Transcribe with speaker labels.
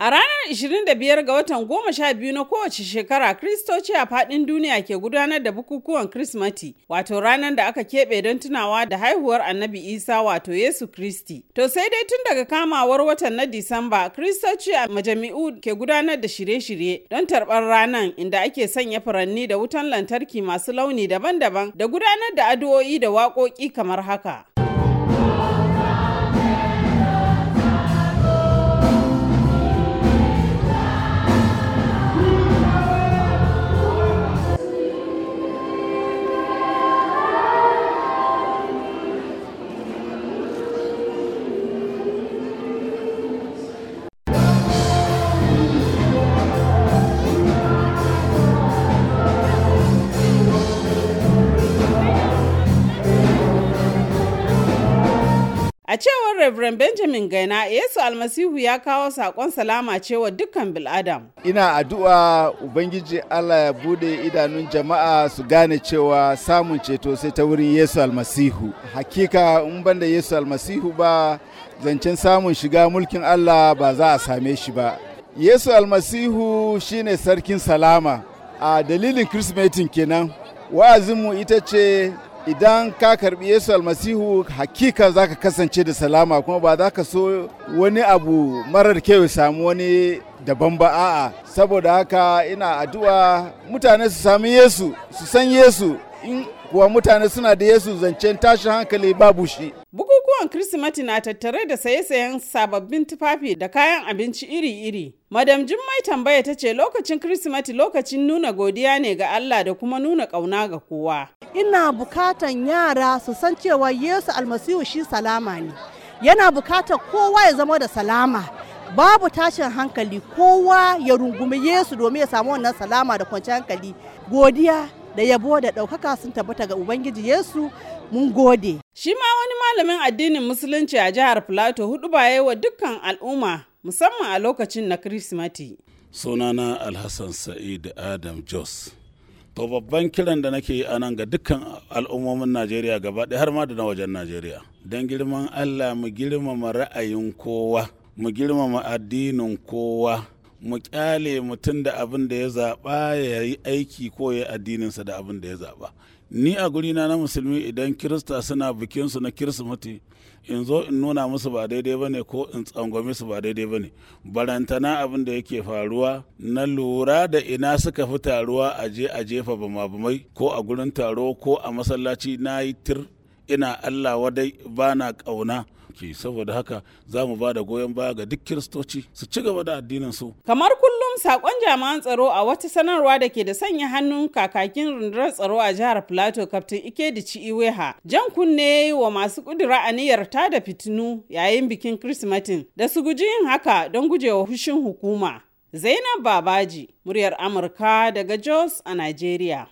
Speaker 1: A ranar 25 ga watan 12 na kowace shekara, Kristoci a faɗin duniya ke gudanar da bukukuwan Kirsimati, wato ranar da aka keɓe don tunawa da haihuwar Annabi Isa wato Yesu Kristi. To sai dai tun daga kamawar watan na Disamba, Kristoci a majami'u ke gudanar da shirye-shirye don tarɓar ranar inda ake sanya furanni da wutan lantarki masu launi daban-daban da gudanar da addu'o'i da waƙoƙi kamar haka. cewar Reverend Benjamin Gaina, Yesu Almasihu ya kawo saƙon salama cewa dukkan bil'adam.
Speaker 2: Ina addu'a Ubangiji Allah ya bude idanun jama'a su gane cewa samun ceto sai ta wurin Yesu Almasihu. Hakika in banda Yesu Almasihu ba zancen samun shiga mulkin Allah ba za a same shi ba. Yesu Almasihu shine sarkin salama. A dalilin Kirsimetin kenan, wa'azinmu ita ce idan ka karbi yesu almasihu hakika za ka kasance da salama kuma ba za ka so wani abu marar kyau samu wani daban ba a'a saboda haka ina addu'a mutane su sami yesu su san yesu in kuwa mutane suna da yesu zancen tashin hankali babu shi
Speaker 1: Bukukuwan Kirsimeti na tattare da saye-sayen sababbin tufafi da kayan abinci iri-iri. Madam Jummai tambaya ta ce lokacin Kirsimeti lokacin nuna godiya ne ga Allah da kuma nuna ƙauna ga kowa. Ina bukatan yara su san cewa Yesu almasihu shi salama ne. Yana bukatar kowa ya zama da salama. babu tashin hankali kowa ya rungumi yesu domin ya samu wannan salama da kwanciyar hankali godiya da yabo da ɗaukaka sun tabbata ga Ubangiji Yesu mun gode. Shi ma wani malamin addinin Musulunci a jihar Filato hudu ba wa dukkan al'umma musamman a lokacin na Kirsimati.
Speaker 3: Sunana Alhassan Sa'id Adam Jos. To babban kiran da nake yi a nan ga dukkan al'ummomin Najeriya gaba ɗaya har ma da na wajen Najeriya. Don girman Allah mu girmama ra'ayin kowa, mu girmama addinin kowa, mu kyale mutum da abin da ya zaɓa ya yi aiki ko ya addininsa da abin da ya zaɓa ni a gurina na musulmi idan kirista suna bikinsu na kirsimati in zo in nuna musu ba daidai ba ne ko in tsangwame su ba daidai ba ne barantana abin da yake faruwa na lura da ina suka fi taruwa a je a jefa bama bamai ko a gurin taro ko a masallaci na yi tir ina Allah wadai ba na ƙauna saboda haka za mu ba da goyon baya ga duk kiristoci su ci gaba da addinin su.
Speaker 1: Kamar kullum sakon jami'an tsaro a wata sanarwa da ke da sanya hannun kakakin rundunar tsaro a jihar Plateau Captain Ikedici Iweha jan kunne wa masu kudura aniyar ta da fitinu yayin bikin Kirsimetin da su guji yin haka don gujewa fushin hukuma. Zainab Babaji, muryar Amurka daga Jos a nigeria.